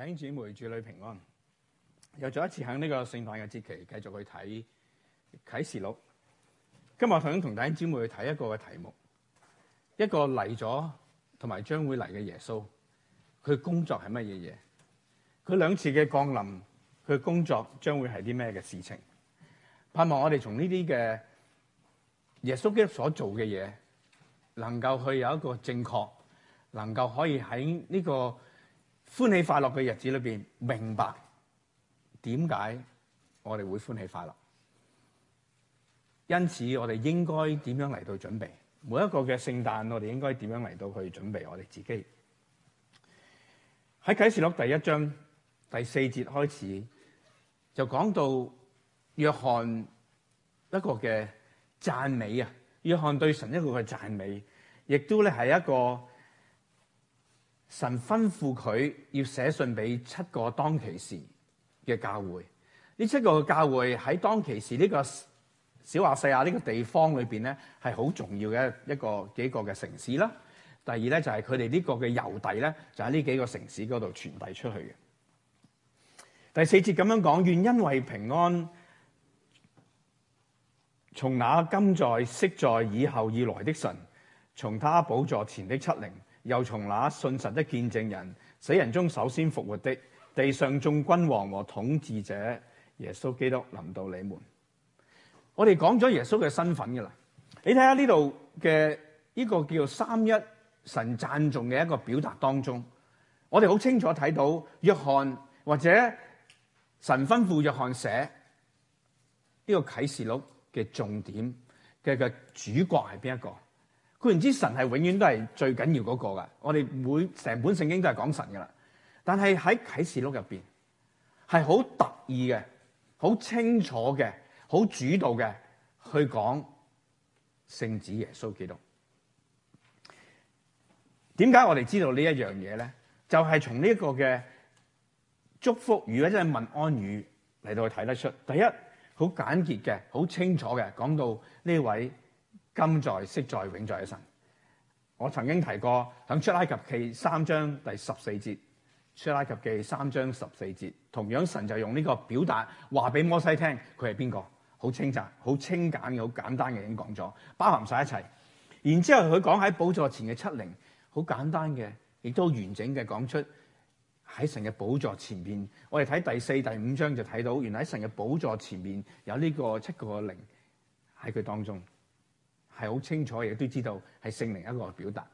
弟兄姊妹，主女平安。又再一次喺呢個聖誕嘅節期，繼續去睇啟示錄。今日我想同弟兄姊妹去睇一個嘅題目，一個嚟咗同埋將會嚟嘅耶穌，佢工作係乜嘢嘢？佢兩次嘅降臨，佢工作將會係啲咩嘅事情？盼望我哋從呢啲嘅耶穌基督所做嘅嘢，能夠去有一個正確，能夠可以喺呢個。歡喜快樂嘅日子裏邊，明白點解我哋會歡喜快樂。因此，我哋應該點樣嚟到準備？每一個嘅聖誕，我哋應該點樣嚟到去準備我哋自己？喺啟示錄第一章第四節開始，就講到約翰一個嘅讚美啊！約翰對神一個嘅讚美，亦都咧係一個。神吩咐佢要寫信俾七個當其時嘅教會，呢七個教會喺當其時呢個小亞細亞呢個地方裏邊咧係好重要嘅一個幾個嘅城市啦。第二咧就係佢哋呢個嘅郵遞咧就喺呢幾個城市嗰度傳遞出去嘅。第四節咁樣講，願因為平安，從那今在、昔在、以後以來的神，從他寶座前的七靈。又從那信實的見證人、死人中首先復活的地上眾君王和統治者，耶穌基督臨到你們。我哋講咗耶穌嘅身份噶啦，你睇下呢度嘅呢個叫做三一神讚頌嘅一個表達當中，我哋好清楚睇到約翰或者神吩咐約翰寫呢個啟示錄嘅重點嘅個主角係邊一個？固然之，神係永遠都係最緊要嗰個噶。我哋每成本聖經都係講神噶啦。但係喺啟示錄入邊係好特意嘅、好清楚嘅、好主導嘅去講聖子耶穌基督。點解我哋知道這呢一樣嘢咧？就係從呢一個嘅祝福語或者問安語嚟到去睇得出。第一，好簡潔嘅、好清楚嘅講到呢位。今在、昔在、永在嘅神，我曾經提過喺出埃及記三章第十四節，出埃及記三章十四節，同樣神就用呢個表達話俾摩西聽，佢係邊個？好清澈、好清簡、好簡單嘅已經講咗，包含晒一切。然之後佢講喺寶座前嘅七靈，好簡單嘅，亦都完整嘅講出喺神嘅寶座前邊。我哋睇第四、第五章就睇到，原來喺神嘅寶座前面，有呢個七個靈喺佢當中。係好清楚亦都知道係聖靈一個表達。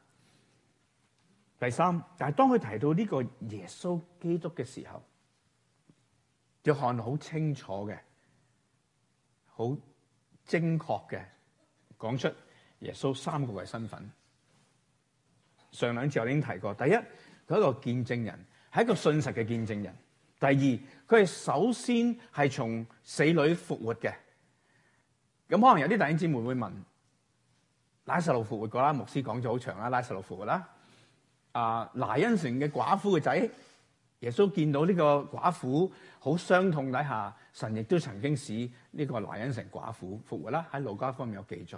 第三，但係當佢提到呢個耶穌基督嘅時候，要看好清楚嘅、好精確嘅講出耶穌三個嘅身份。上兩次我已經提過，第一佢係一個見證人，係一個信實嘅見證人；第二佢係首先係從死裡復活嘅。咁可能有啲弟兄姐妹會問。拉撒路復活啦，牧師講咗好長啦，拉撒路復活啦。啊，拿因城嘅寡婦嘅仔，耶穌見到呢個寡婦好傷痛底下，神亦都曾經使呢個拿因城寡婦復活啦。喺路加方面有記載，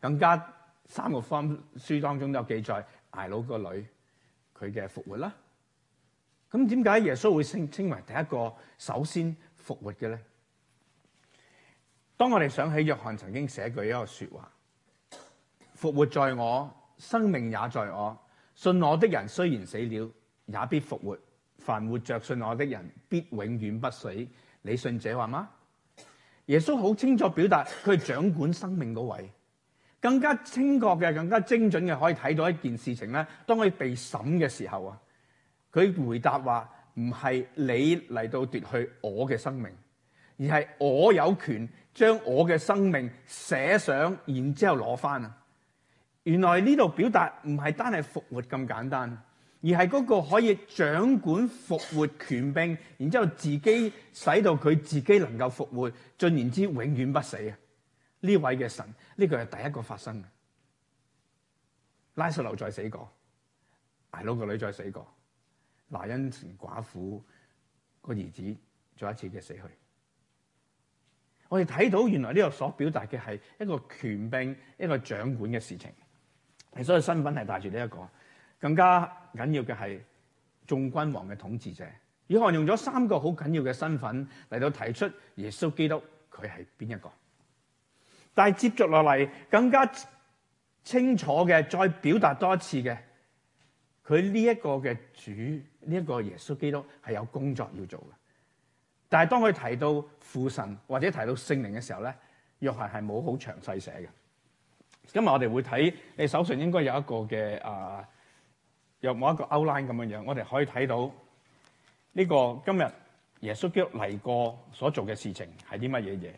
更加三個方書當中都有記載，睚魯個女佢嘅復活啦。咁點解耶穌會稱稱為第一個首先復活嘅咧？當我哋想起約翰曾經寫過一個說話。復活在我，生命也在我。信我的人雖然死了，也必復活；凡活着信我的人，必永遠不死。你信這話嗎？耶穌好清楚表達佢係掌管生命嗰位，更加清確嘅，更加精準嘅，可以睇到一件事情咧。當佢被審嘅時候啊，佢回答話唔係你嚟到奪去我嘅生命，而係我有權將我嘅生命寫上，然之後攞翻啊！原來呢度表達唔係單係復活咁簡單，而係嗰個可以掌管復活權柄，然之後自己使到佢自己能夠復活，進而之永遠不死啊！呢位嘅神，呢、這個係第一個發生嘅。拉撒路再死過，大佬個女再死過，拿因寡婦個兒子再一次嘅死去，我哋睇到原來呢度所表達嘅係一個權柄、一個掌管嘅事情。所以身份係帶住呢一個，更加緊要嘅係眾君王嘅統治者。約翰用咗三個好緊要嘅身份嚟到，提出耶穌基督佢係邊一個。但係接續落嚟更加清楚嘅，再表達多一次嘅，佢呢一個嘅主，呢一個耶穌基督係有工作要做嘅。但係當佢提到父神或者提到聖靈嘅時候咧，約翰係冇好詳細寫嘅。今日我哋會睇，你手上應該有一個嘅啊，有冇一個 outline 咁樣樣，我哋可以睇到呢、這個今日耶穌基督嚟過所做嘅事情係啲乜嘢嘢？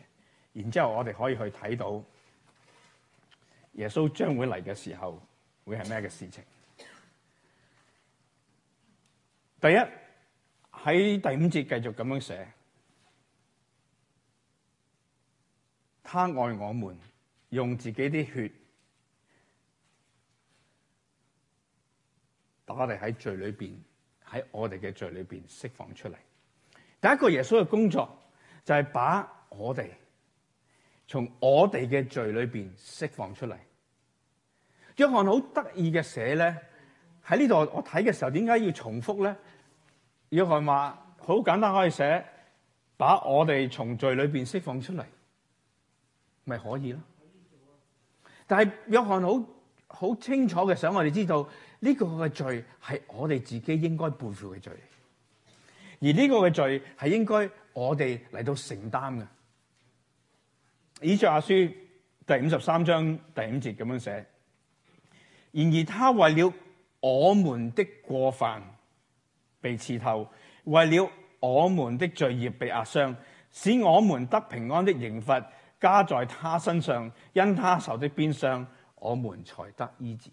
然之後我哋可以去睇到耶穌將會嚟嘅時候會係咩嘅事情。第一喺第五節繼續咁樣寫，他愛我們，用自己啲血。我哋喺罪裏面，喺我哋嘅罪裏面釋放出嚟。第一個耶穌嘅工作就係把我哋從我哋嘅罪裏面釋放出嚟。約翰好得意嘅寫呢，喺呢度我睇嘅時候，點解要重複呢？約翰話好簡單可以寫，把我哋從罪裏面釋放出嚟，咪可以咯？但係約翰好好清楚嘅，想我哋知道。呢個嘅罪係我哋自己應該背負嘅罪，而呢個嘅罪係應該我哋嚟到承擔嘅。以賽亞書第五十三章第五節咁樣寫：然而他為了我們的過犯被刺透，為了我們的罪孽被壓傷，使我們得平安的刑罰加在他身上，因他受的鞭傷，我們才得醫治。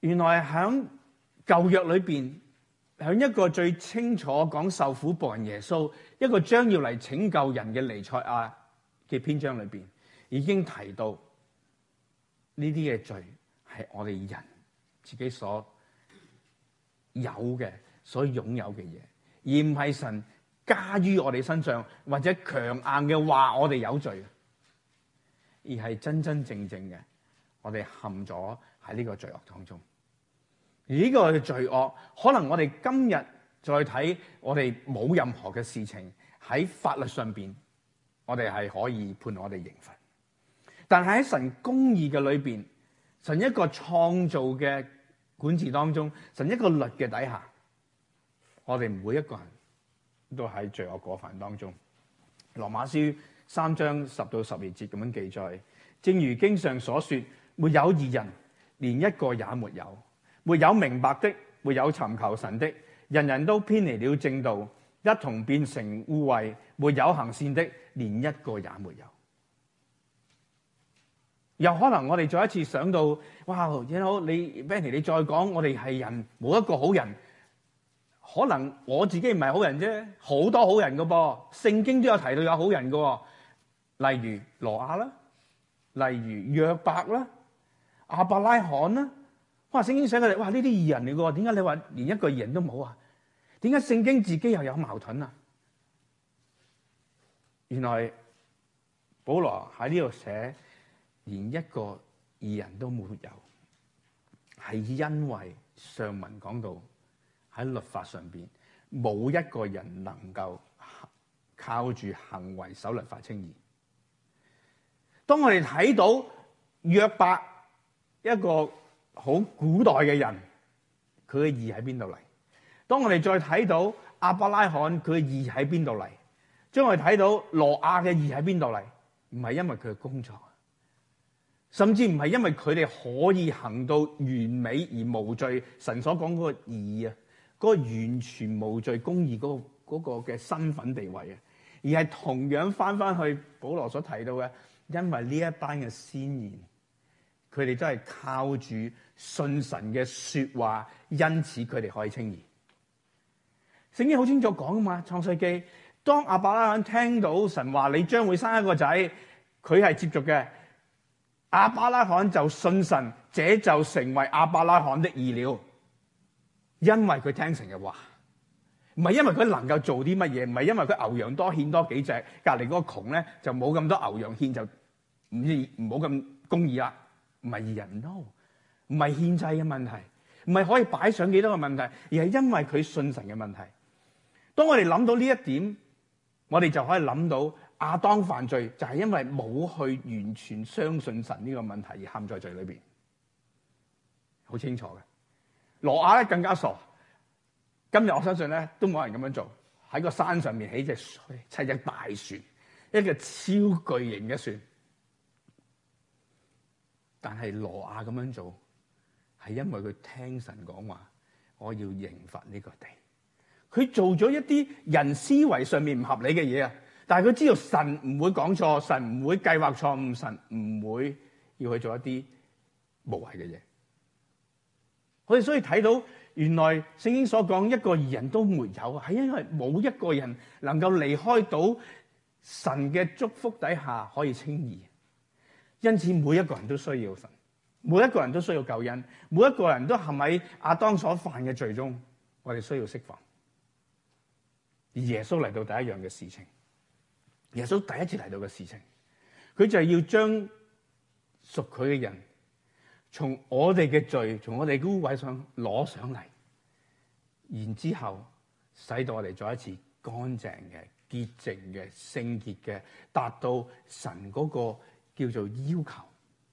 原來喺舊約裏邊，喺一個最清楚講受苦僕人耶穌，一個將要嚟拯救人嘅彌賽亞嘅篇章裏邊，已經提到呢啲嘅罪係我哋人自己所有嘅，所擁有嘅嘢，而唔係神加於我哋身上，或者強硬嘅話我哋有罪，而係真真正正嘅，我哋陷咗喺呢個罪惡當中。呢個罪惡，可能我哋今日再睇，我哋冇任何嘅事情喺法律上邊，我哋係可以判我哋刑罰。但係喺神公義嘅裏面，神一個創造嘅管治當中，神一個律嘅底下，我哋每一個人都喺罪惡過犯當中。羅馬書三章十到十二節咁樣記載，正如經上所說，沒有義人，連一個也沒有。沒有明白的，沒有尋求神的，人人都偏離了正道，一同變成污穢；沒有行善的，連一個也沒有。有可能我哋再一次想到，哇，你好，你 Benny，你再講，我哋係人，冇一個好人。可能我自己唔係好人啫，好多好人噶噃，聖經都有提到有好人噶，例如羅亞啦，例如約伯啦，阿伯拉罕啦。哇！聖經寫佢哋，哇，呢啲異人嚟噶，點解你話連一個異人都冇啊？點解聖經自己又有矛盾啊？原來保羅喺呢度寫連一個異人都冇有，係因為上文講到喺律法上邊冇一個人能夠靠住行為守律法稱義。當我哋睇到約伯一個。好古代嘅人，佢嘅義喺邊度嚟？當我哋再睇到亞伯拉罕佢嘅義喺邊度嚟？將我哋睇到羅亞嘅義喺邊度嚟？唔係因為佢嘅工作，甚至唔係因為佢哋可以行到完美而無罪，神所講嗰個意義啊，嗰、嗰個完全無罪公義嗰、嗰個嘅、嗰個、身份地位啊，而係同樣翻翻去保羅所提到嘅，因為呢一班嘅先賢，佢哋都係靠住。信神嘅説話，因此佢哋可以稱義。聖經好清楚講啊嘛，《創世記》當阿伯拉罕聽到神話，你將會生一個仔，佢係接續嘅。阿伯拉罕就信神，這就成為阿伯拉罕的義了。因為佢聽神嘅話，唔係因為佢能夠做啲乜嘢，唔係因為佢牛羊多獻多幾隻，隔離嗰個窮咧就冇咁多牛羊獻就唔唔好咁公義啦，唔係人囉。唔係獻祭嘅問題，唔係可以擺上幾多個問題，而係因為佢信神嘅問題。當我哋諗到呢一點，我哋就可以諗到亞當犯罪就係因為冇去完全相信神呢個問題而陷在罪裏邊，好清楚嘅。羅亞咧更加傻。今日我相信咧都冇人咁樣做，喺個山上面起隻砌隻大船，一個超巨型嘅船，但係羅亞咁樣做。係因為佢聽神講話，我要刑罰呢個地，佢做咗一啲人思維上面唔合理嘅嘢啊！但係佢知道神唔會講錯，神唔會計劃錯誤，神唔會要去做一啲無謂嘅嘢。我哋所以睇到，原來聖經所講一個人都沒有，係因為冇一個人能夠離開到神嘅祝福底下可以稱義，因此每一個人都需要神。每一個人都需要救恩，每一個人都陷喺阿當所犯嘅罪中，我哋需要釋放。而耶穌嚟到第一樣嘅事情，耶穌第一次嚟到嘅事情，佢就係要將屬佢嘅人，從我哋嘅罪，從我哋嘅污穢上攞上嚟，然之後使到我哋再一次乾淨嘅、潔淨嘅、聖潔嘅，達到神個叫做要求。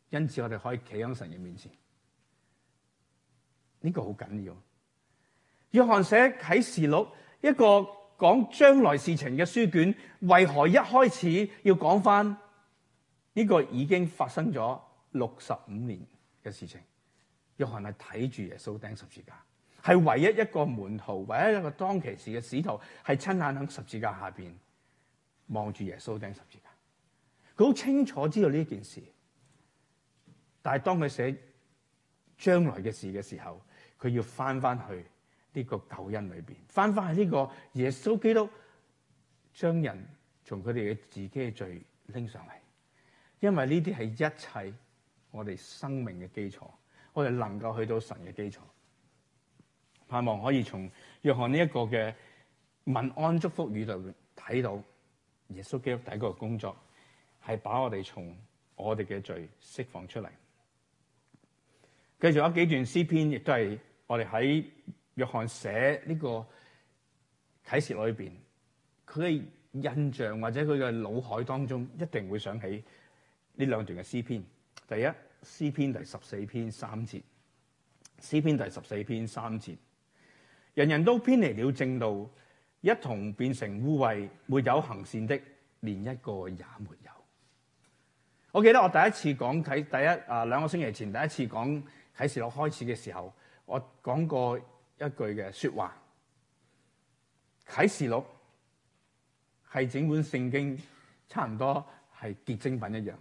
因此我哋可以企響神嘅面前，呢個好緊要。約翰寫啟示錄一個講將來事情嘅書卷，為何一開始要講翻呢個已經發生咗六十五年嘅事情？約翰係睇住耶穌釘十字架，係唯一一個門徒，唯一一個當其時嘅使徒，係親眼響十字架下邊望住耶穌釘十字架。佢好清楚知道呢件事。但係當佢寫將來嘅事嘅時候，佢要翻返去呢個救恩裏邊，翻返去呢個耶穌基督將人從佢哋嘅自己嘅罪拎上嚟，因為呢啲係一切我哋生命嘅基礎，我哋能夠去到神嘅基礎，盼望可以從約翰呢一個嘅問安祝福語度睇到耶穌基督第一個工作，係把我哋從我哋嘅罪釋放出嚟。繼續有幾段詩篇，亦都係我哋喺約翰寫呢個啟示裏邊，佢嘅印象或者佢嘅腦海當中，一定會想起呢兩段嘅詩篇。第一，詩篇第十四篇三節，詩篇第十四篇三節，人人都偏離了正道，一同變成污穢，沒有行善的，連一個也沒有。我記得我第一次講睇，第一啊，兩個星期前第一次講。啟示錄開始嘅時候，我講過一句嘅說話。啟示錄係整本聖經差唔多係結晶品一樣，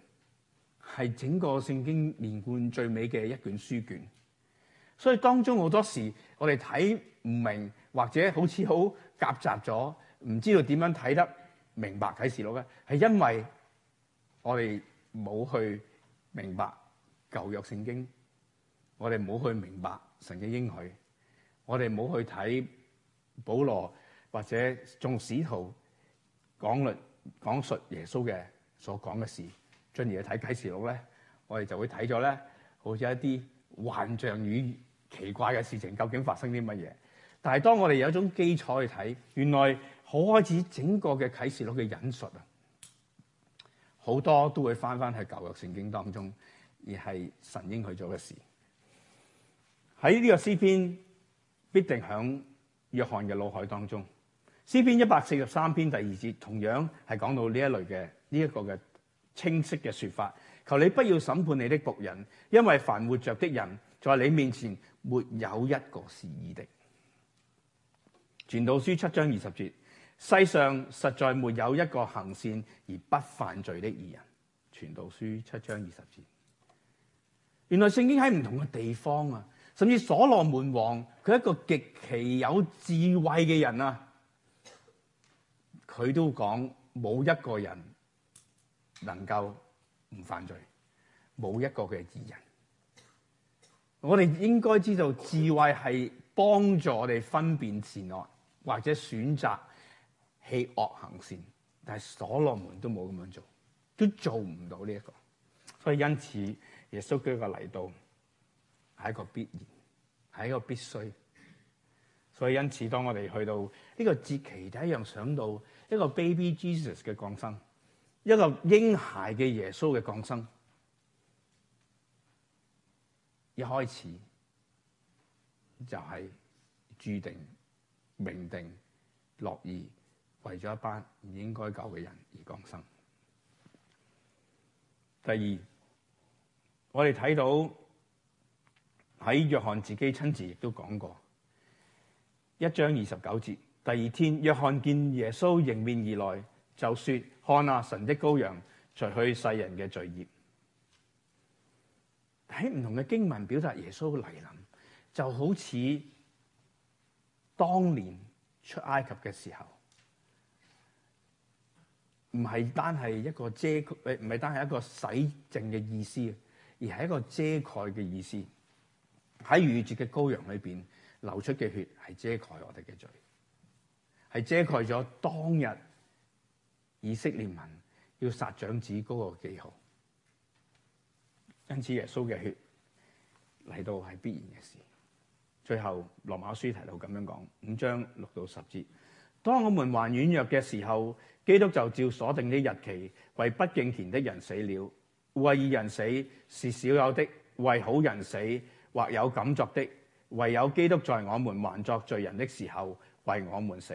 係整個聖經連貫最美嘅一卷書卷。所以當中好多時候我們看不明，我哋睇唔明或者好似好夾雜咗，唔知道點樣睇得明白啟示錄咧，係因為我哋冇去明白舊約聖經。我哋冇去明白神嘅應許，我哋冇去睇保羅或者眾使徒講律講述耶穌嘅所講嘅事，進而去睇啟示錄咧，我哋就會睇咗咧，好似一啲幻象與奇怪嘅事情，究竟發生啲乜嘢？但係當我哋有一種基礎去睇，原來好開始整個嘅啟示錄嘅引述啊，好多都會翻翻喺舊約聖經當中，而係神應許咗嘅事。喺呢個詩篇必定響約翰嘅腦海當中，詩篇一百四十三篇第二節同樣係講到呢一類嘅呢一個嘅清晰嘅說法。求你不要審判你的僕人，因為凡活着的人在你面前沒有一個是義的。傳道書七章二十節，世上實在沒有一個行善而不犯罪的義人。傳道書七章二十節，原來聖經喺唔同嘅地方啊。甚至所羅門王，佢一個極其有智慧嘅人啊，佢都講冇一個人能夠唔犯罪，冇一個嘅義人。我哋應該知道智慧係幫助我哋分辨善惡或者選擇棄惡行善，但係所羅門都冇咁樣做，都做唔到呢一個，所以因此耶穌嘅一個嚟到，係一個必然，係一個必須，所以因此，當我哋去到呢個節期，第一樣想到一個 Baby Jesus 嘅降生，一個嬰孩嘅耶穌嘅降生，一開始就係、是、注定命定樂意為咗一班唔應該救嘅人而降生。第二，我哋睇到。喺約翰自己親自亦都講過一章二十九節。第二天，約翰見耶穌迎面而來，就説：看啊，神的羔羊，除去世人嘅罪孽。」喺唔同嘅經文表達耶穌嘅嚟臨，就好似當年出埃及嘅時候，唔係單係一個遮誒，唔係單係一個洗淨嘅意思，而係一個遮蓋嘅意思。喺逾越節嘅羔羊裏邊流出嘅血，係遮蓋我哋嘅罪，係遮蓋咗當日以色列民要殺長子嗰個記號。因此，耶穌嘅血嚟到係必然嘅事。最後羅馬書提到咁樣講五章六到十節：當我們還軟弱嘅時候，基督就照所定的日期為不敬虔的人死了。為義人死是少有的，為好人死，或有敢作的，唯有基督在我們還作罪人的時候為我們死。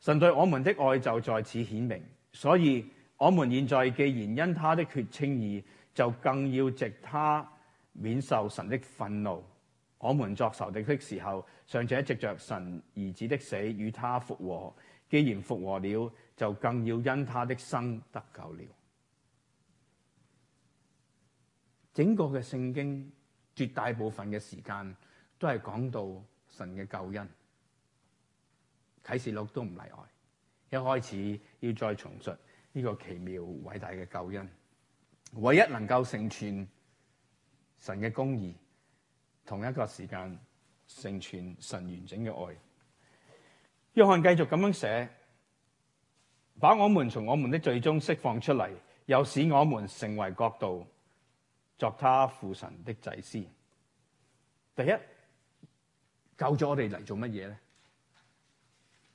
神對我們的愛就在此顯明。所以我們現在既然因他的血稱義，就更要藉他免受神的憤怒。我們作仇敵的時候，尚且藉着神兒子的死與他復和。既然復和了，就更要因他的生得救了。整個嘅聖經。絕大部分嘅時間都係講到神嘅救恩，啟示錄都唔例外。一開始要再重述呢個奇妙偉大嘅救恩，唯一能夠成全神嘅公義，同一個時間成全神完整嘅愛。約翰繼續咁樣寫，把我們從我們的罪中釋放出嚟，又使我們成為國度，作他父神的祭司，第一，救咗我哋嚟做乜嘢咧？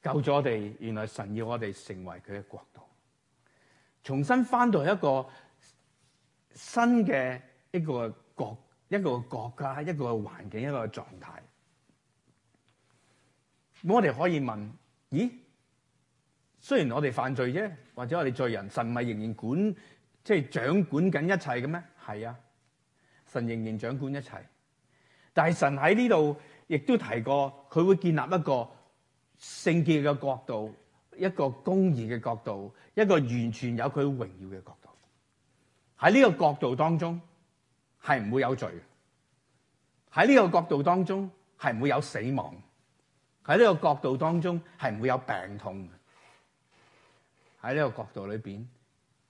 救咗我哋，原來神要我哋成為佢嘅國度，重新返到一個新嘅一個國，一個國家，一個環境，一個狀態。咁我哋可以問：咦？雖然我哋犯罪啫，或者我哋罪人，神咪仍然管即係、就是、掌管緊一切嘅咩？係啊。神仍然掌管一切，但係神喺呢度亦都提過，佢會建立一個聖潔嘅國度，一個公義嘅國度，一個完全有佢榮耀嘅國度。喺呢個國度當中，係唔會有罪；喺呢個國度當中，係唔會有死亡；喺呢個國度當中，係唔會有病痛。喺呢個國度裏邊，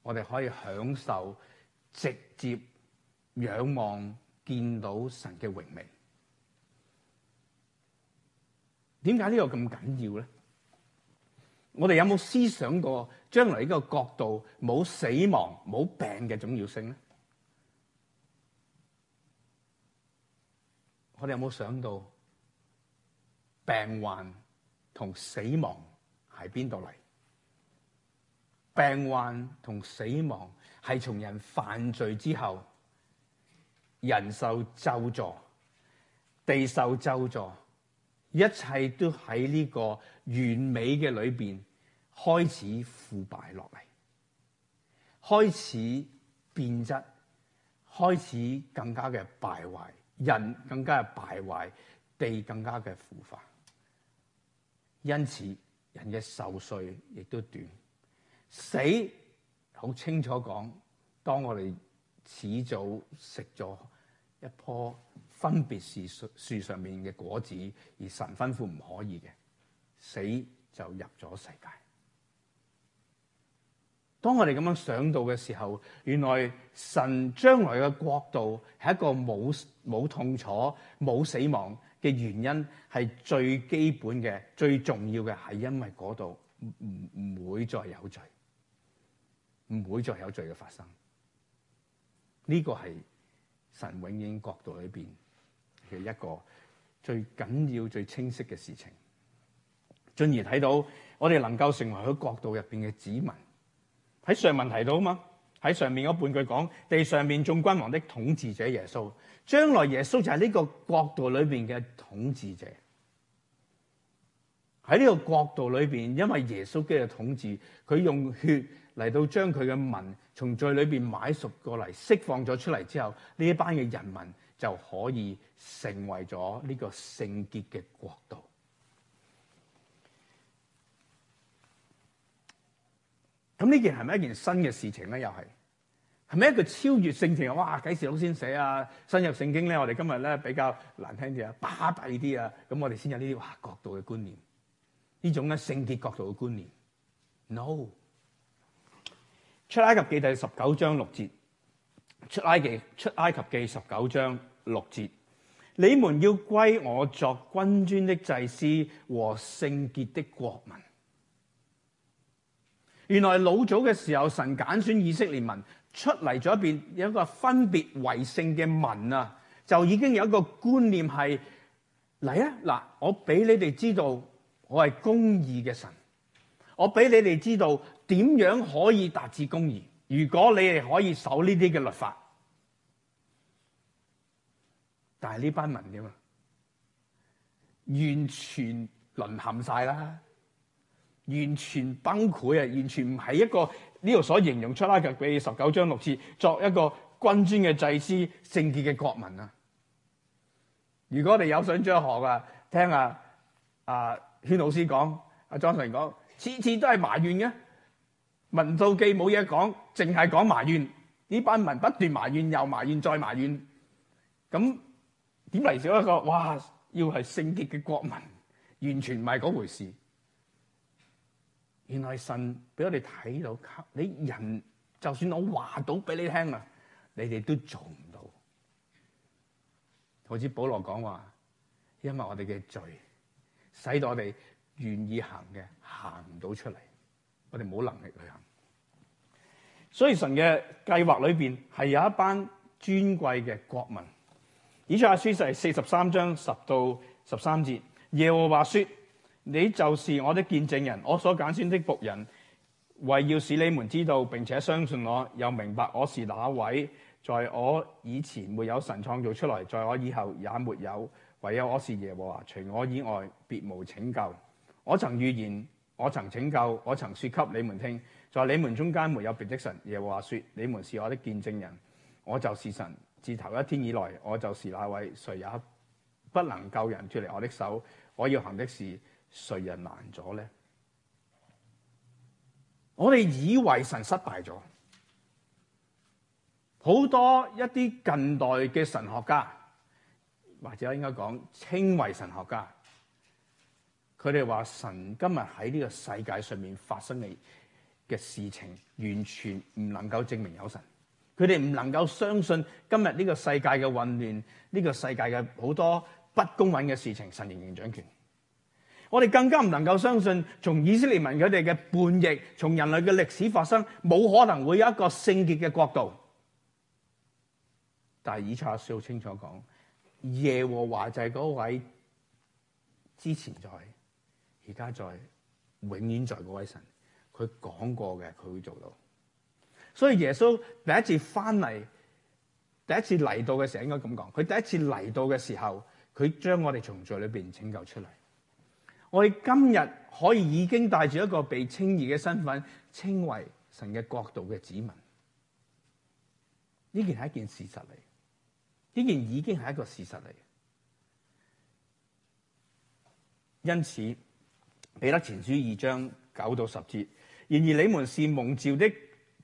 我哋可以享受直接。仰望見到神嘅榮名，點解呢個咁緊要咧？我哋有冇思想過將來呢個國度冇死亡冇病嘅重要性咧？我哋有冇想到病患同死亡喺邊度嚟？病患同死亡係從人犯罪之後。人受咒詛，地受咒詛，一切都喺呢個完美嘅裏邊開始腐敗落嚟，開始變質，開始更加嘅敗壞，人更加嘅敗壞，地更加嘅腐化，因此人嘅壽歲亦都短。死好清楚講，當我哋始早食咗，一棵分別是樹，樹上面嘅果子，而神吩咐唔可以嘅，死就入咗世界。當我哋咁樣想到嘅時候，原來神將來嘅國度係一個冇冇痛楚、冇死亡嘅原因，係最基本嘅、最重要嘅，係因為嗰度唔唔唔會再有罪，唔會再有罪嘅發生。呢、呢個係神永遠的國度裏面嘅一個最緊要、最清晰嘅事情，進而睇到我哋能夠成為佢國度入面嘅子民。喺上文提到啊嘛，喺上面嗰半句講地上面眾君王的統治者耶穌，將來耶穌就係呢個國度裏面嘅統治者。喺呢個國度裏邊，因為耶穌基督統治，佢用血嚟到將佢嘅民從罪裏邊買贖過嚟，釋放咗出嚟之後，呢一班嘅人民就可以成為咗呢個聖潔嘅國度。咁呢件係咪一件新嘅事情咧？又係係咪一個超越性情？哇！幾時好先死啊？新入聖經咧，我哋今日咧比較難聽啲啊，巴閉啲啊，咁我哋先有呢啲哇國度嘅觀念。呢種咧聖潔角度嘅觀念，no 出埃及記第十九章六節，出埃及出埃及記十九章六節，你們要歸我作君尊的祭司和聖潔的國民。原來老早嘅時候，神揀選以色列民出嚟咗一邊，有一個分別為聖嘅民啊，就已經有一個觀念係嚟啊嗱，我俾你哋知道。我係公義嘅神，我俾你哋知道點樣可以達至公義。如果你哋可以守呢啲嘅律法，但係呢班民點啊？完全淪陷晒啦！完全崩潰啊！完全唔係一個呢度所形容出埃及記十九章六節作一個君尊嘅祭司、聖潔嘅國民啊！如果你有想再學啊，聽下啊～軒老師講，阿莊臣講，次次都係埋怨嘅，民數記冇嘢講，淨係講埋怨。呢班民不斷埋怨，又埋怨，再埋怨。咁點嚟？少一個哇！要係聖潔嘅國民，完全唔係嗰回事。原來神俾我哋睇到，你人就算我話到俾你聽啊，你哋都做唔到。好似保羅講話，因為我哋嘅罪。使到我哋願意行嘅行唔到出嚟，我哋冇能力去行。所以神嘅計劃裏邊係有一班尊貴嘅國民。以賽亞書就係四十三章十到十三節，耶和華說：你就是我的見證人，我所揀選的僕人，為要使你們知道並且相信我，又明白我是哪位，在我以前沒有神創造出來，在我以後也沒有。唯有我是耶和華，除我以外別無拯救。我曾預言，我曾拯救，我曾說給你們聽，在你們中間沒有別的神。耶和華說：你們是我的見證人，我就是神。自頭一天以來，我就是那位，誰也不能救人脫離我的手。我要行的事誰人難阻呢？我哋以為神失敗咗，好多一啲近代嘅神學家。或者應該講，稱為神學家，佢哋話神今日喺呢個世界上面發生嘅嘅事情，完全唔能夠證明有神。佢哋唔能夠相信今日呢個世界嘅混亂，呢個世界嘅好多不公允嘅事情，神仍然掌權。我哋更加唔能夠相信，從以色列民佢哋嘅叛逆，從人類嘅歷史發生，冇可能會有一個聖潔嘅國度。但係以賽亞書好清楚講。耶和華就係嗰位，之前在，而家在，在，永遠在嗰位神，佢講過嘅，佢會做到。所以耶穌第一次翻嚟，第一次嚟到嘅時候應該咁講，佢第一次嚟到嘅時候，佢將我哋從罪裏邊拯救出嚟。我哋今日可以已經帶住一個被稱義嘅身份，稱為神嘅國度嘅子民，呢件係一件事實嚟。呢件已經係一個事實嚟，因此彼得前書二章九到十節。然而你們是蒙召的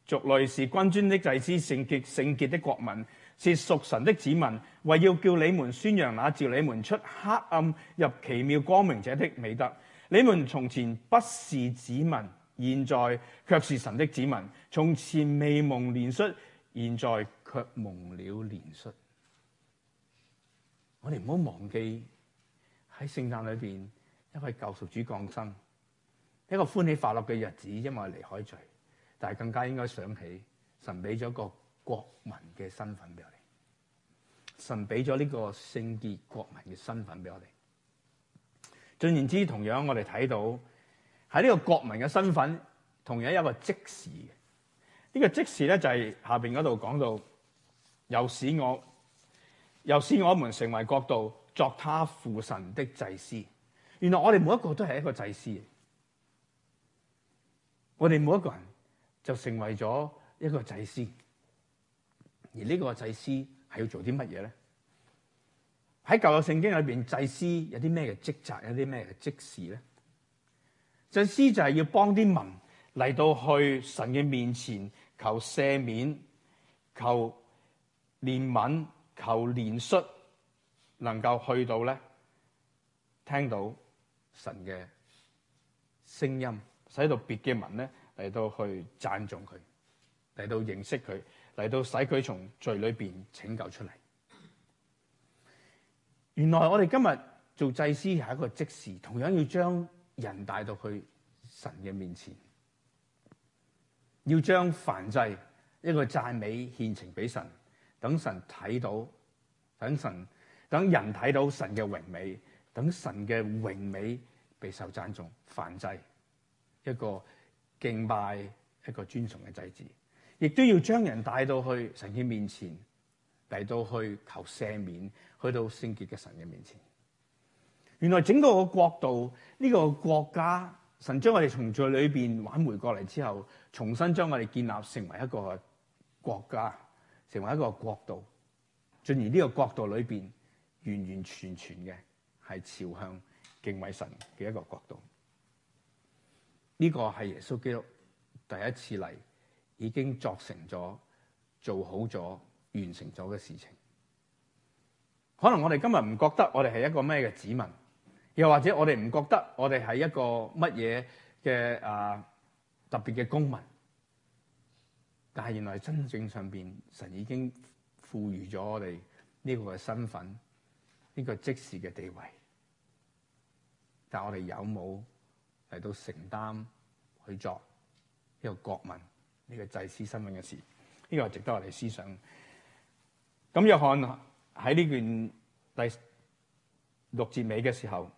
族類，是君尊的祭司，聖潔聖潔的國民，是屬神的子民。為要叫你們宣揚那召你們出黑暗入奇妙光明者的美德，你們從前不是子民，現在卻是神的子民。從前未蒙憐恤，現在卻蒙了憐恤。我哋唔好忘記喺聖誕裏邊，一位救贖主降生，一個歡喜快樂嘅日子，因為離開罪，但係更加應該想起神俾咗個國民嘅身份俾我哋，神俾咗呢個聖潔國民嘅身份俾我哋。進言之，同樣我哋睇到喺呢個國民嘅身份，同樣有個即時呢、呢個即時咧就係下邊嗰度講到，又使我。又使我們成為國度，作他父神的祭司。原來我哋每一個都係一個祭司，我哋每一個人就成為咗一個祭司。而呢個祭司係要做啲乜嘢咧？喺舊約聖經裏邊，祭司有啲咩嘅職責，有啲咩嘅職事咧？祭司就係要幫啲民嚟到去神嘅面前求赦免、求憐憫。求連率能夠去到咧，聽到神嘅聲音，使到別嘅民咧嚟到去讚頌佢，嚟到認識佢，嚟到使佢從罪裏邊拯救出嚟。原來我哋今日做祭司係一個即時，同樣要將人帶到去神嘅面前，要將凡祭一個讚美獻呈俾神。等神睇到，等神等人睇到神嘅榮美，等神嘅榮美備受讚頌、犯祭，一個敬拜、一個尊崇嘅祭祀，亦都要將人帶到去神嘅面前，嚟到去求赦免，去到聖潔嘅神嘅面前。原來整個個國度呢、這個國家，神將我哋從罪裏邊挽回過嚟之後，重新將我哋建立成為一個國家。成為一個國度，進而呢個國度裏邊完完全全嘅係朝向敬畏神嘅一個國度。呢個係耶穌基督第一次嚟，已經作成咗、做好咗、完成咗嘅事情。可能我哋今日唔覺得我哋係一個咩嘅子民，又或者我哋唔覺得我哋係一個乜嘢嘅啊特別嘅公民。但係原來真正上邊神已經賦予咗我哋呢個嘅身份，呢個即時嘅地位。但係我哋有冇嚟到承擔去作呢個國民、呢個祭司身份嘅事？呢個係值得我哋思想。咁約翰喺呢段第六節尾嘅時候，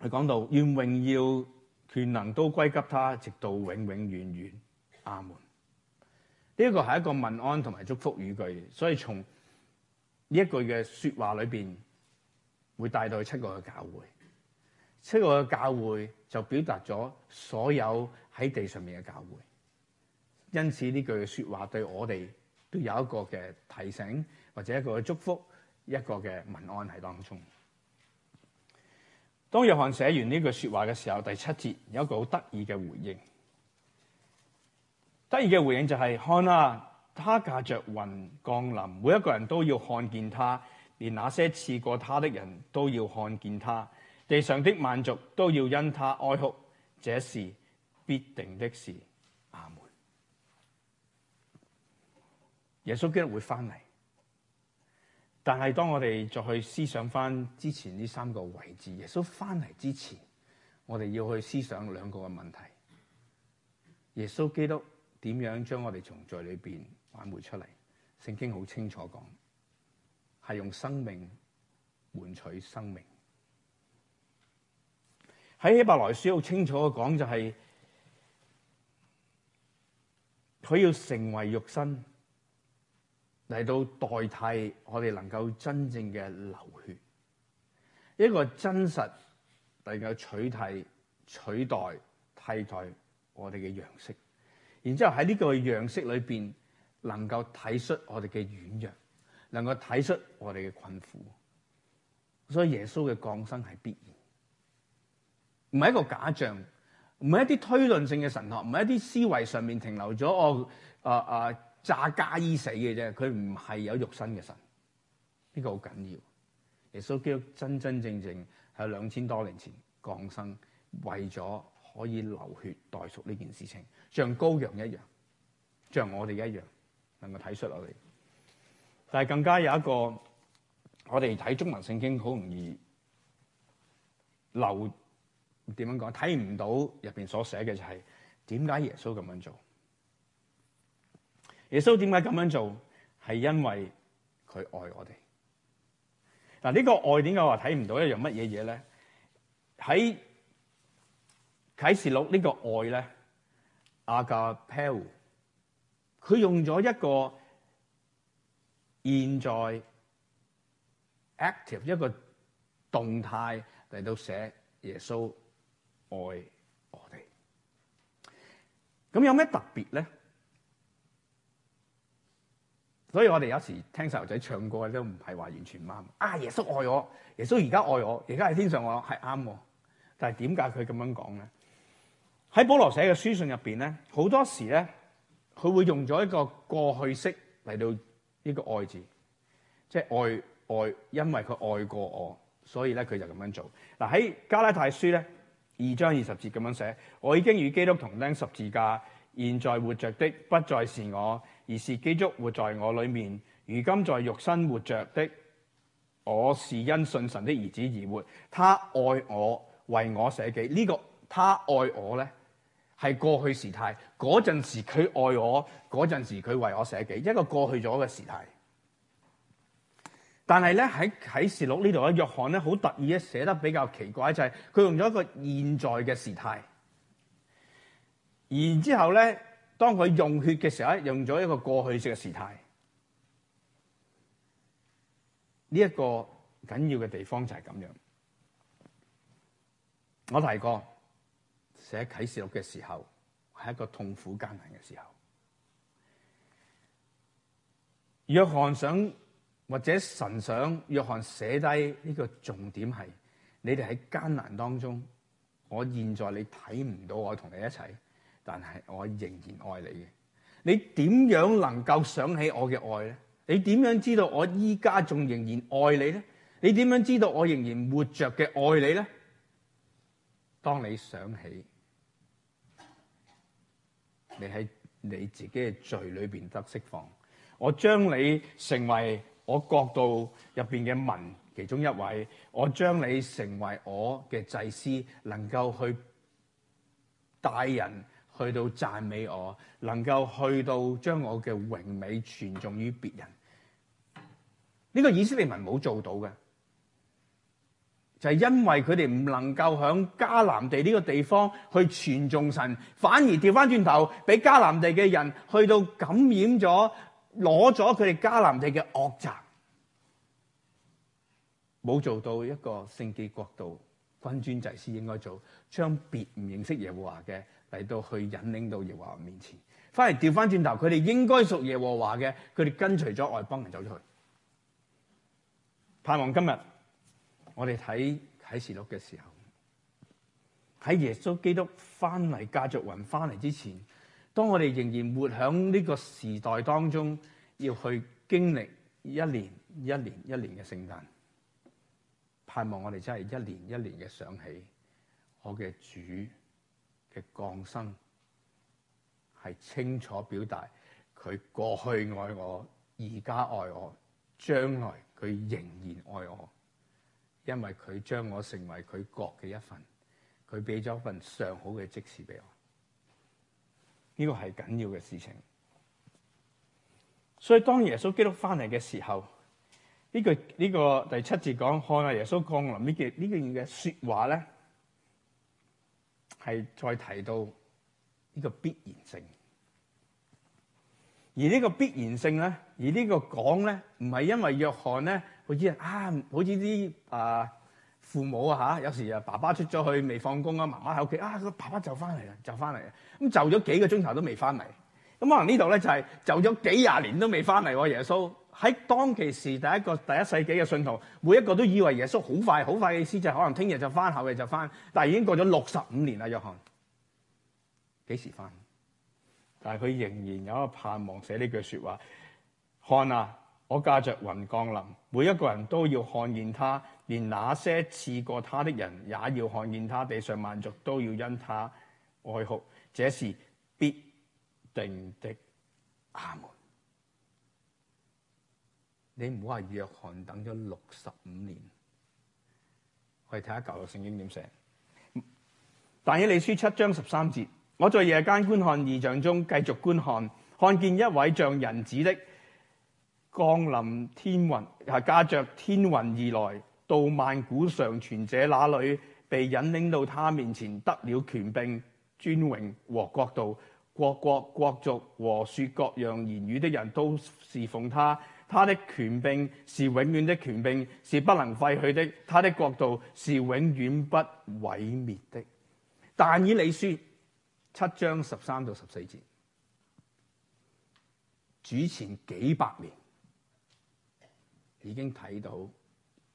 佢講到願榮耀權能都歸給他，直到永永遠遠遠。阿門。呢一個係一個問安同埋祝福語句，所以從呢一句嘅說話裏邊，會帶到去七個嘅教會，七個嘅教會就表達咗所有喺地上面嘅教會。因此呢句嘅說話對我哋都有一個嘅提醒，或者一個祝福，一個嘅問安喺當中。當約翰寫完呢句說話嘅時候，第七節有一個好得意嘅回應。第二個回應就係、是、看啊，他駕着雲降臨，每一個人都要看見他，連那些刺過他的人都要看見他，地上的萬族都要因他哀哭，這是必定的事。阿門。耶穌基督會翻嚟，但係當我哋再去思想翻之前呢三個位置，耶穌翻嚟之前，我哋要去思想兩個嘅問題。耶穌基督。點樣將我哋從罪裏邊挽回出嚟？聖經好清楚講，係用生命換取生命。喺希伯來書好清楚講、就係，就係佢要成為肉身嚟到代替我哋，能夠真正嘅流血，一個真實能夠取替、取代、替代我哋嘅樣式。然之後喺呢個樣式裏邊，能夠睇出我哋嘅軟弱，能夠睇出我哋嘅困苦，所以耶穌嘅降生係必然，唔係一個假象，唔係一啲推論性嘅神學，唔係一啲思維上面停留咗哦啊啊炸加衣死嘅啫。佢唔係有肉身嘅神，呢、呢個好緊要。耶穌基督真真正正喺兩千多年前降生，為咗可以流血代贖呢件事情。像羔羊一樣，像我哋一樣，能夠睇出我哋。但係更加有一個，我哋睇中文聖經好容易漏，點樣講？睇唔到入邊所寫嘅就係點解耶穌咁樣做？耶穌點解咁樣做？係因為佢愛我哋。嗱、這、呢個愛點解話睇唔到一樣乜嘢嘢咧？喺啟示錄呢個愛咧？阿加佩，佢用咗一個現在 active 一個動態嚟到寫耶穌愛我哋。咁有咩特別咧？所以我哋有時聽細路仔唱歌都唔係話完全唔啱。啊，耶穌愛我，耶穌而家愛我，而家喺天上愛我係啱。但係點解佢咁樣講咧？喺保羅寫嘅書信入邊咧，好多時咧，佢會用咗一個過去式嚟到呢個愛字，即係愛愛，因為佢愛過我，所以咧佢就咁樣做。嗱喺加拉太書咧二章二十節咁樣寫：我已經與基督同釘十字架，現在活着的不再是我，而是基督活在我裏面。如今在肉身活着的，我是因信神的兒子而活。他愛我，為我捨己。呢、這個他愛我咧？係過去時態，嗰陣時佢愛我，嗰陣時佢為我寫記，一個過去咗嘅時態。但係咧喺喺《啟示錄》呢度咧，約翰咧好特意咧寫得比較奇怪，就係、是、佢用咗一個現在嘅時態，然之後咧當佢用血嘅時候咧，用咗一個過去式嘅時態。呢、這、一個緊要嘅地方就係咁樣。我提過。寫啟示錄嘅時候係一個痛苦艱難嘅時候。約翰想或者神想約翰寫低呢個重點係：你哋喺艱難當中，我現在你睇唔到我同你一齊，但係我仍然愛你嘅。你點樣能夠想起我嘅愛咧？你點樣知道我依家仲仍然愛你咧？你點樣知道我仍然活着嘅愛你咧？當你想起。你喺你自己嘅罪裏面得釋放，我將你成為我國度入邊嘅民其中一位，我將你成為我嘅祭司，能夠去帶人去到讚美我，能夠去到將我嘅榮美傳頌於別人。呢、這個以色列民冇做到嘅。就係因為佢哋唔能夠喺迦南地呢個地方去傳眾神，反而調翻轉頭，俾迦南地嘅人去到感染咗，攞咗佢哋迦南地嘅惡習，冇做到一個聖潔國度。君尊祭司應該做，將別唔認識耶和華嘅嚟到去引領到耶和華面前。翻嚟調翻轉頭，佢哋應該屬耶和華嘅，佢哋跟隨咗外邦人走出去。盼望今日。我哋睇啟示錄嘅時候，喺耶穌基督翻嚟駕著雲翻嚟之前，當我哋仍然活喺呢個時代當中，要去經歷一年、一年、一年嘅聖誕，盼望我哋真係一年一年嘅想起我嘅主嘅降生，係清楚表達佢過去愛我，而家愛我，將來佢仍然愛我。因為佢將我成為佢國嘅一份，佢俾咗份上好嘅職事俾我，呢個係緊要嘅事情。所以當耶穌基督翻嚟嘅時候，呢句呢個第七節講，看啊，耶穌降臨，呢句呢句嘅說話咧，係再提到呢個必然性。而呢個必然性咧，而呢個講咧，唔係因為約翰咧。好似啊，好似啲啊父母啊嚇，有時啊爸爸出咗去未放工啊，媽媽喺屋企啊，爸爸就翻嚟啦，就翻嚟啦，咁、嗯、就咗幾個鐘頭都未翻嚟，咁、嗯、可能呢度咧就係、是、就咗幾廿年都未翻嚟喎。耶穌喺當其時第一個，第一世紀嘅信徒，每一個都以為耶穌好快好快嘅意思，可能聽日就翻，後日就翻，但係已經過咗六十五年啦，約翰幾時翻？但係佢仍然有一個盼望，寫呢句説話，看啊！我駕着雲降臨，每一個人都要看見他，連那些刺過他的人也要看見他，地上萬族都要因他哀哭。這是必定的。阿門。你唔好話約翰等咗六十五年，我哋睇下舊約聖經點寫。但以理書七章十三節，我在夜間觀看異象中繼續觀看，看見一位像人子的。降臨天雲，係駕著天雲而來到萬古常存者那裡，被引領到他面前，得了權柄、尊榮和國度。各國、國、各族和說各樣言語的人都侍奉他。他的權柄是永遠的權柄，是不能廢去的。他的國度是永遠不毀滅的。但以理書七章十三到十四節，主前幾百年。已經睇到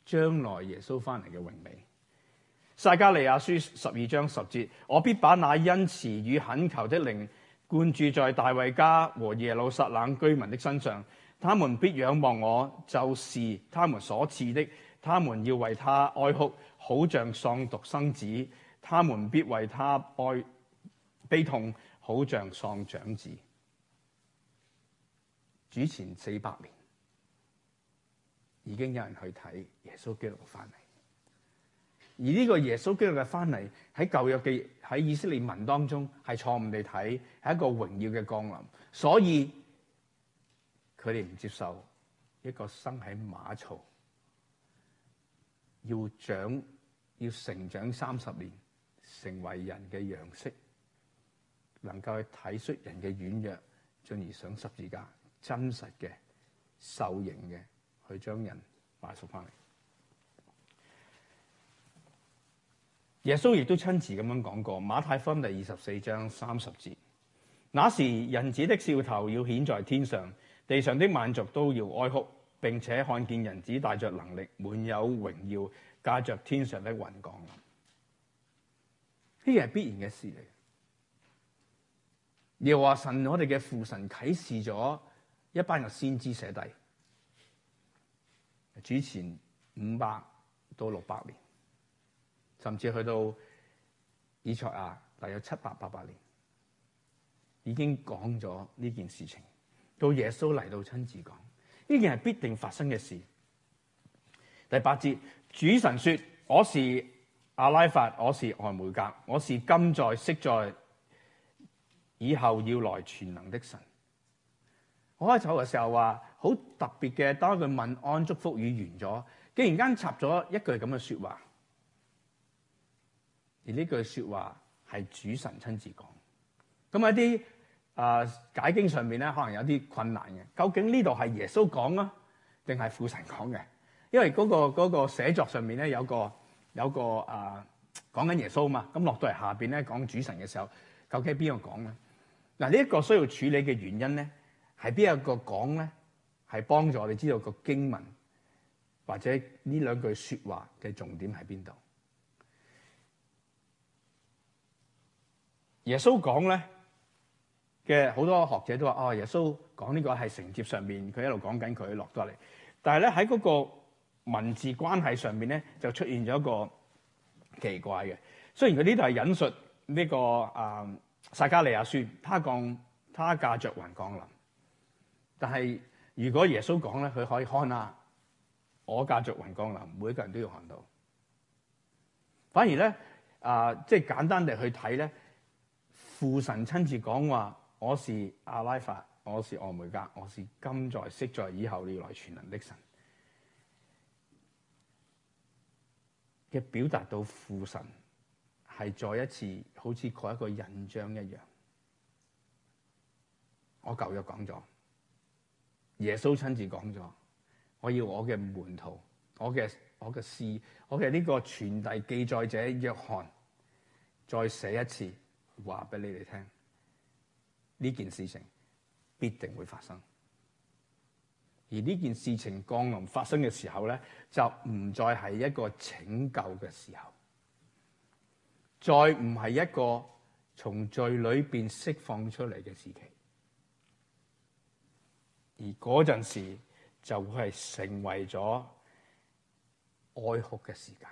將來耶穌翻嚟嘅榮美。撒迦利亞書十二章十節：我必把那恩慈與懇求的靈灌注在大衛家和耶路撒冷居民的身上，他們必仰望我，就是他們所賜的。他們要為他哀哭，好像喪獨生子；他們必為他哀悲痛，好像喪長子。主前四百年。已經有人去睇耶穌基督翻嚟，而呢個耶穌基督嘅翻嚟喺舊約嘅喺以色列文當中係錯誤地睇，係一個榮耀嘅降臨，所以佢哋唔接受一個生喺馬槽，要長要成長三十年，成為人嘅樣式，能夠去體恤人嘅軟弱，進而上十字架，真實嘅受刑嘅。佢將人買贖翻嚟。耶穌亦都親自咁樣講過，《馬太福音》第二十四章三十節：那時人子的笑頭要顯在天上，地上的萬族都要哀哭，並且看見人子帶著能力、滿有榮耀，駕着天上的雲降臨，呢啲係必然嘅事嚟。又話神，我哋嘅父神啟示咗一班嘅先知舍弟、使徒。主前五百到六百年，甚至去到以賽亞，大約七百八百年，已經講咗呢件事情。到耶穌嚟到親自講，呢件係必定發生嘅事。第八節，主神說：我是阿拉法，我是俄梅戛，我是今在、昔在、以後要來、全能的神。我開頭嘅時候話。好特別嘅，當佢問安祝福語完咗，竟然間插咗一句咁嘅説話，而呢句説話係主神親自講。咁喺啲啊解經上面咧，可能有啲困難嘅。究竟呢度係耶穌講啊，定係父神講嘅？因為嗰個嗰個寫作上面咧，有個有個啊講緊耶穌嘛。咁落到嚟下邊咧，講主神嘅時候，究竟邊個講啊？嗱，呢一個需要處理嘅原因咧，係邊一個講咧？係幫助我哋知道個經文或者呢兩句説話嘅重點喺邊度？耶穌講咧，嘅好多學者都話，哦，耶穌講呢個係承接上面，佢一路講緊佢落咗嚟。但係咧喺嗰個文字關係上面咧，就出現咗一個奇怪嘅。雖然佢呢度係引述呢、這個啊撒加利亞書，他降他駕着雲降臨，但係。如果耶穌講咧，佢可以看啊！我駕著雲降臨，每個人都要看到。反而咧，啊、呃，即、就、係、是、簡單地去睇咧，父神親自講話：我是阿拉法，我是俄梅格，我是今在、昔在、以後、要來全能的神。嘅表達到父神係再一次，好似佢一個印章一樣。我舊約講咗。耶穌親自講咗：我要我嘅門徒，我嘅我嘅師，我嘅呢個傳遞記載者約翰，再寫一次話俾你哋聽，呢件事情必定會發生。而呢件事情降臨發生嘅時候咧，就唔再係一個拯救嘅時候，再唔係一個從罪裏邊釋放出嚟嘅時期。而嗰陣時就係成為咗哀哭嘅時間，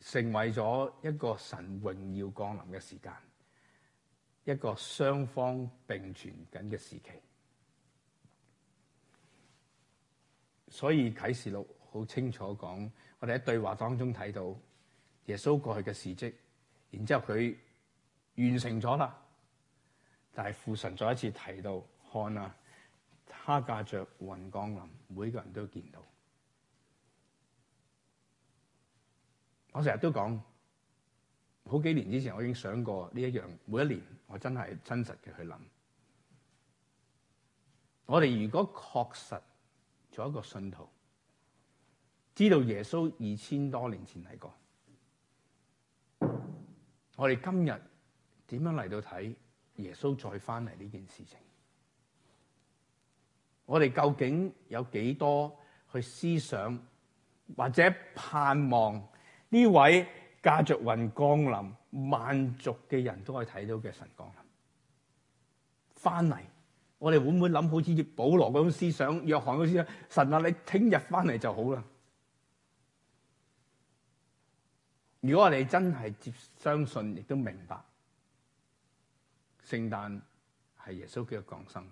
成為咗一個神榮耀降臨嘅時間，一個雙方並存緊嘅時期。所以啟示錄好清楚講，我哋喺對話當中睇到耶穌過去嘅事蹟，然之後佢完成咗啦。但係父神再一次提到，看啊，他駕着雲降臨，每個人都見到。我成日都講，好幾年之前我已經想過呢一樣。每一年我真係真實嘅去諗。我哋如果確實做一個信徒，知道耶穌二千多年前嚟過，我哋今日點樣嚟到睇？耶穌再翻嚟呢件事情，我哋究竟有幾多去思想或者盼望呢位駕着雲降臨萬族嘅人都可以睇到嘅神降臨翻嚟？我哋會唔會諗好似保羅嗰種思想，約翰嗰種思想？神啊，你聽日翻嚟就好啦！如果我哋真係接相信，亦都明白。聖誕係耶穌嘅降生，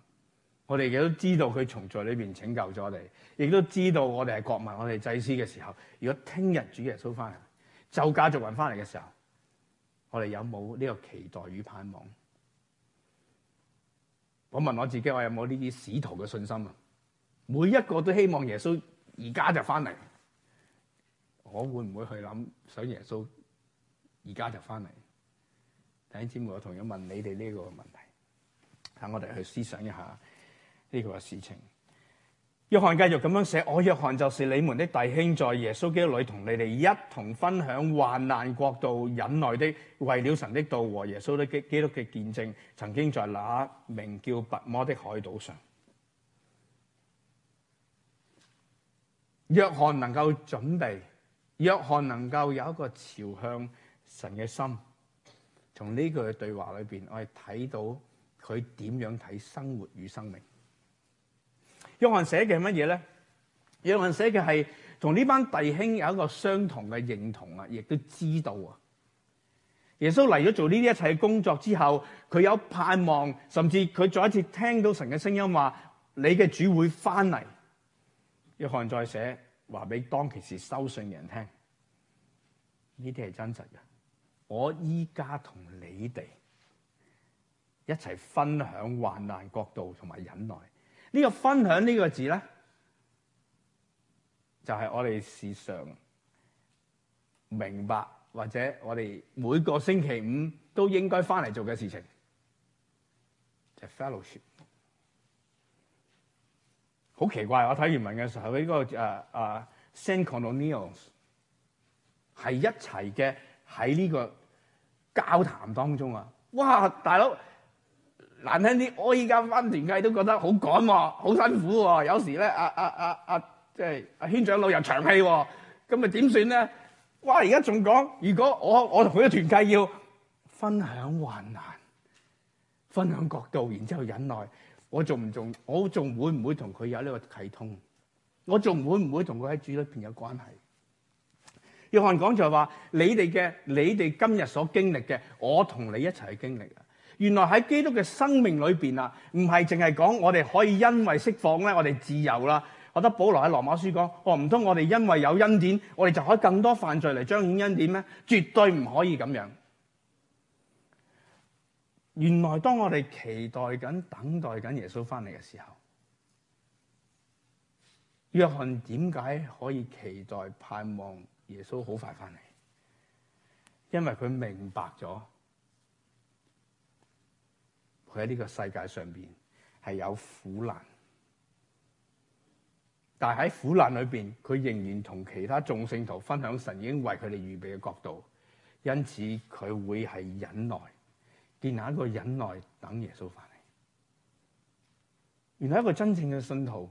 我哋亦都知道佢從在裏邊拯救咗我哋，亦都知道我哋係國民，我哋祭司嘅時候，如果聽日主耶穌翻嚟，就駕住雲翻嚟嘅時候，我哋有冇呢個期待與盼望？我問我自己，我有冇呢啲使徒嘅信心啊？每一個都希望耶穌而家就翻嚟，我會唔會去諗想，想耶穌而家就翻嚟？喺節目我同樣問你哋呢個問題，等我哋去思想一下呢個事情。約翰繼續咁樣寫，我、哦、約翰就是你們的弟兄，在耶穌基督裏同你哋一同分享患難、國度、忍耐的，為了神的道和耶穌的基、基督嘅見證，曾經在那名叫拔摩的海島上。約翰能夠準備，約翰能夠有一個朝向神嘅心。從呢句嘅對話裏邊，我哋睇到佢點樣睇生活與生命。約翰寫嘅係乜嘢咧？約翰寫嘅係同呢班弟兄有一個相同嘅認同啊，亦都知道啊。耶穌嚟咗做呢啲一切嘅工作之後，佢有盼望，甚至佢再一次聽到神嘅聲音話：你嘅主會翻嚟。約翰再寫，話俾當其時收信人聽，呢啲係真實嘅。我依家同你哋一齊分享患難、國度同埋忍耐。呢個分享呢個字咧，就係、是、我哋時常明白或者我哋每個星期五都應該翻嚟做嘅事情，就是、fellowship。好奇怪，我睇原文嘅時候呢、這個啊、uh, uh, Saints and Colonels 係一齊嘅。喺呢個交談當中啊，哇！大佬難聽啲，我依家返團契都覺得好趕喎，好辛苦喎。有時咧，啊啊啊，阿即係阿軒長老入長氣喎，咁咪點算咧？哇！而家仲講，如果我我同佢嘅團契要分享患難、分享國度，然之後忍耐，我仲唔仲？我仲會唔會同佢有呢個契通？我仲會唔會同佢喺主裏邊有關係？約翰講就係話，你哋嘅，你哋今日所經歷嘅，我同你一齊去經歷啊！原來喺基督嘅生命裏邊啊，唔係淨係講我哋可以因為釋放咧，我哋自由啦。我得保羅喺羅馬書講，啊，道我唔通我哋因為有恩典，我哋就可以更多犯罪嚟彰顯恩典咩？絕對唔可以咁樣。原來當我哋期待緊、等待緊耶穌翻嚟嘅時候，約翰點解可以期待、盼望？耶穌好快翻嚟，因為佢明白咗佢喺呢個世界上邊係有苦難，但係喺苦難裏邊，佢仍然同其他眾聖徒分享神已經為佢哋預備嘅角度，因此佢會係忍耐，建立一個忍耐等耶穌翻嚟。然後一個真正嘅信徒，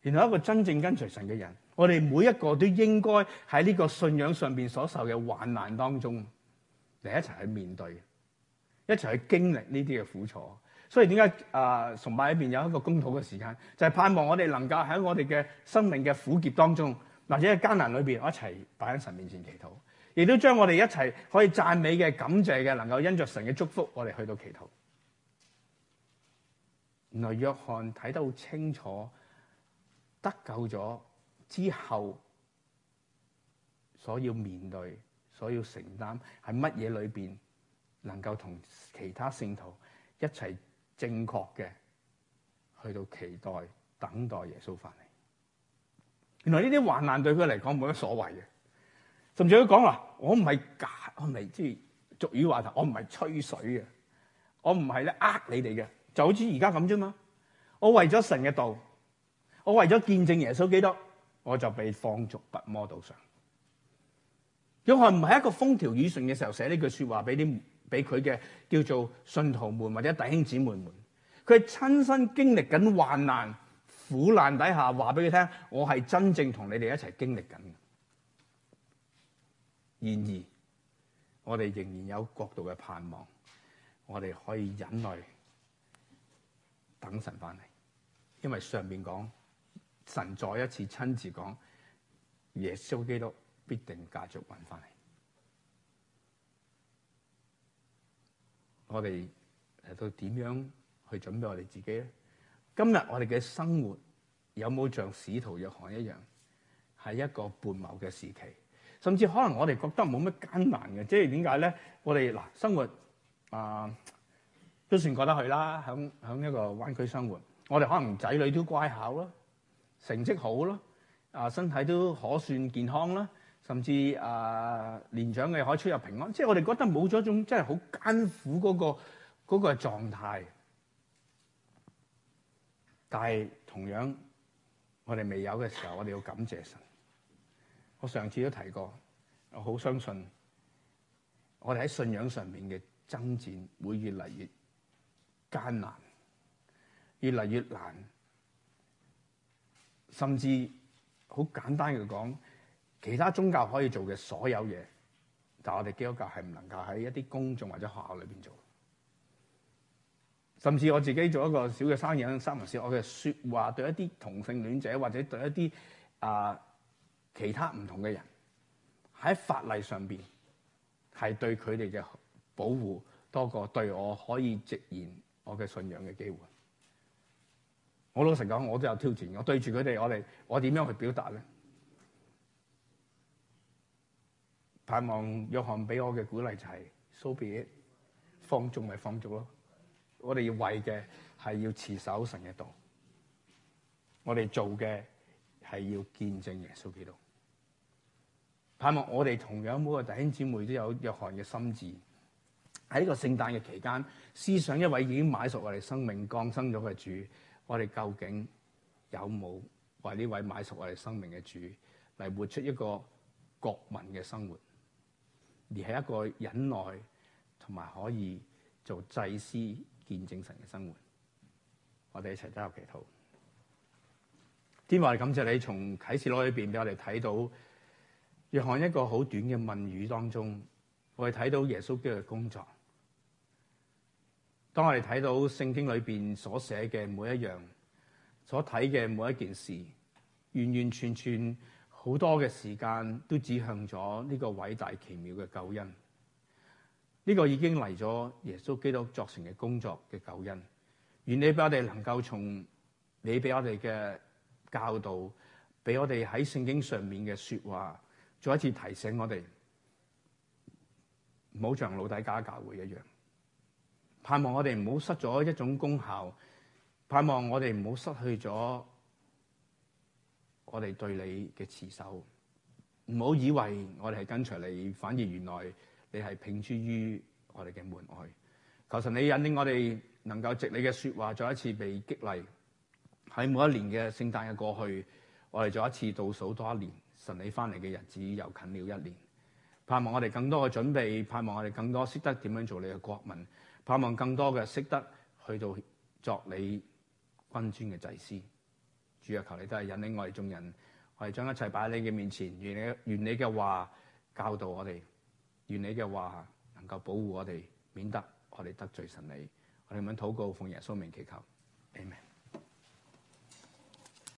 然後一個真正跟隨神嘅人。我哋每一個都應該喺呢個信仰上邊所受嘅患難當中，嚟一齊去面對，一齊去經歷呢啲嘅苦楚。所以點解啊崇拜裏邊有一個公禱嘅時間，就係、是、盼望我哋能夠喺我哋嘅生命嘅苦澀當中，或者喺艱難裏邊，一齊擺喺神面前祈禱，亦都將我哋一齊可以讚美嘅、感謝嘅，能夠因着神嘅祝福，我哋去到祈禱。原來約翰睇得好清楚，得救咗。之後所要面對、所要承擔係乜嘢？裏邊能夠同其他聖徒一齊正確嘅去到期待、等待耶穌翻嚟。原來呢啲患難對佢嚟講冇乜所謂嘅，甚至佢講話：我唔係假，我唔係即係俗語話頭，我唔係吹水嘅，我唔係咧呃你哋嘅，就好似而家咁啫嘛。我為咗神嘅道，我為咗見證耶穌基督，我就被放逐拔摩島上。約翰唔係一個風調雨順嘅時候寫呢句說話俾啲俾佢嘅叫做信徒們或者弟兄姊妹們，佢係親身經歷緊患難苦難底下，話俾佢聽，我係真正同你哋一齊經歷緊。然而，我哋仍然有國度嘅盼望，我哋可以忍耐，等神翻嚟，因為上面講。神再一次親自講，耶穌基督必定繼續揾翻嚟。我哋嚟到點樣去準備我哋自己咧？今日我哋嘅生活有冇像使徒約翰一樣係一個半謀嘅時期？甚至可能我哋覺得冇乜艱難嘅，即係點解咧？我哋嗱生活啊、呃、都算過得去啦，喺喺一個灣區生活，我哋可能仔女都乖巧咯。成績好咯，啊身體都可算健康啦，甚至啊年長嘅可以出入平安，即係我哋覺得冇咗一種真係好艱苦嗰個嗰個狀態。但係同樣我哋未有嘅時候，我哋要感謝神。我上次都提過，我好相信我哋喺信仰上面嘅爭戰會越嚟越艱難，越嚟越難。甚至好簡單嘅講，其他宗教可以做嘅所有嘢，就我哋基督教係唔能夠喺一啲公眾或者學校裏邊做。甚至我自己做一個小嘅生意，三文魚，我嘅說話對一啲同性戀者或者對一啲啊、呃、其他唔同嘅人，喺法例上邊係對佢哋嘅保護多過對我可以直言我嘅信仰嘅機會。我老實講，我都有挑戰。我對住佢哋，我哋我點樣去表達咧？盼望約翰俾我嘅鼓勵就係、是、：，so be it 放縱咪放縱咯。我哋要為嘅係要持守神嘅道，我哋做嘅係要見證耶穌基督。So、盼望我哋同樣每個弟兄姊妹都有約翰嘅心志。喺呢個聖誕嘅期間，思想一位已經買熟我哋生命降生咗嘅主。我哋究竟有冇為呢位買贖我哋生命嘅主嚟，活出一個國民嘅生活，而係一個忍耐同埋可以做祭司見證神嘅生活？我哋一齊加入祈禱。天父感謝你從啟示錄裏邊俾我哋睇到約翰一個好短嘅問語當中，我哋睇到耶穌基督嘅工作。當我哋睇到聖經裏邊所寫嘅每一樣，所睇嘅每一件事，完完全全好多嘅時間都指向咗呢個偉大奇妙嘅救恩。呢、這個已經嚟咗耶穌基督作成嘅工作嘅救恩。願你俾我哋能夠從你俾我哋嘅教導，俾我哋喺聖經上面嘅說話，再一次提醒我哋，唔好像老底嘉教會一樣。盼望我哋唔好失咗一種功效，盼望我哋唔好失去咗我哋對你嘅持守。唔好以為我哋係跟隨你，反而原來你係擯諸於我哋嘅門外。求神，你引領我哋能夠藉你嘅說話再一次被激勵。喺每一年嘅聖誕嘅過去，我哋再一次倒數多一年。神，你翻嚟嘅日子又近了一年。盼望我哋更多嘅準備，盼望我哋更多識得點樣做你嘅國民。盼望更多嘅識得去到作你君尊嘅祭司，主啊，求你都係引領我哋眾人，我哋將一切擺喺你嘅面前，願你願你嘅話教導我哋，願你嘅話能夠保護我哋，免得我哋得罪神你，我哋咁樣禱告奉耶穌名祈求，阿門。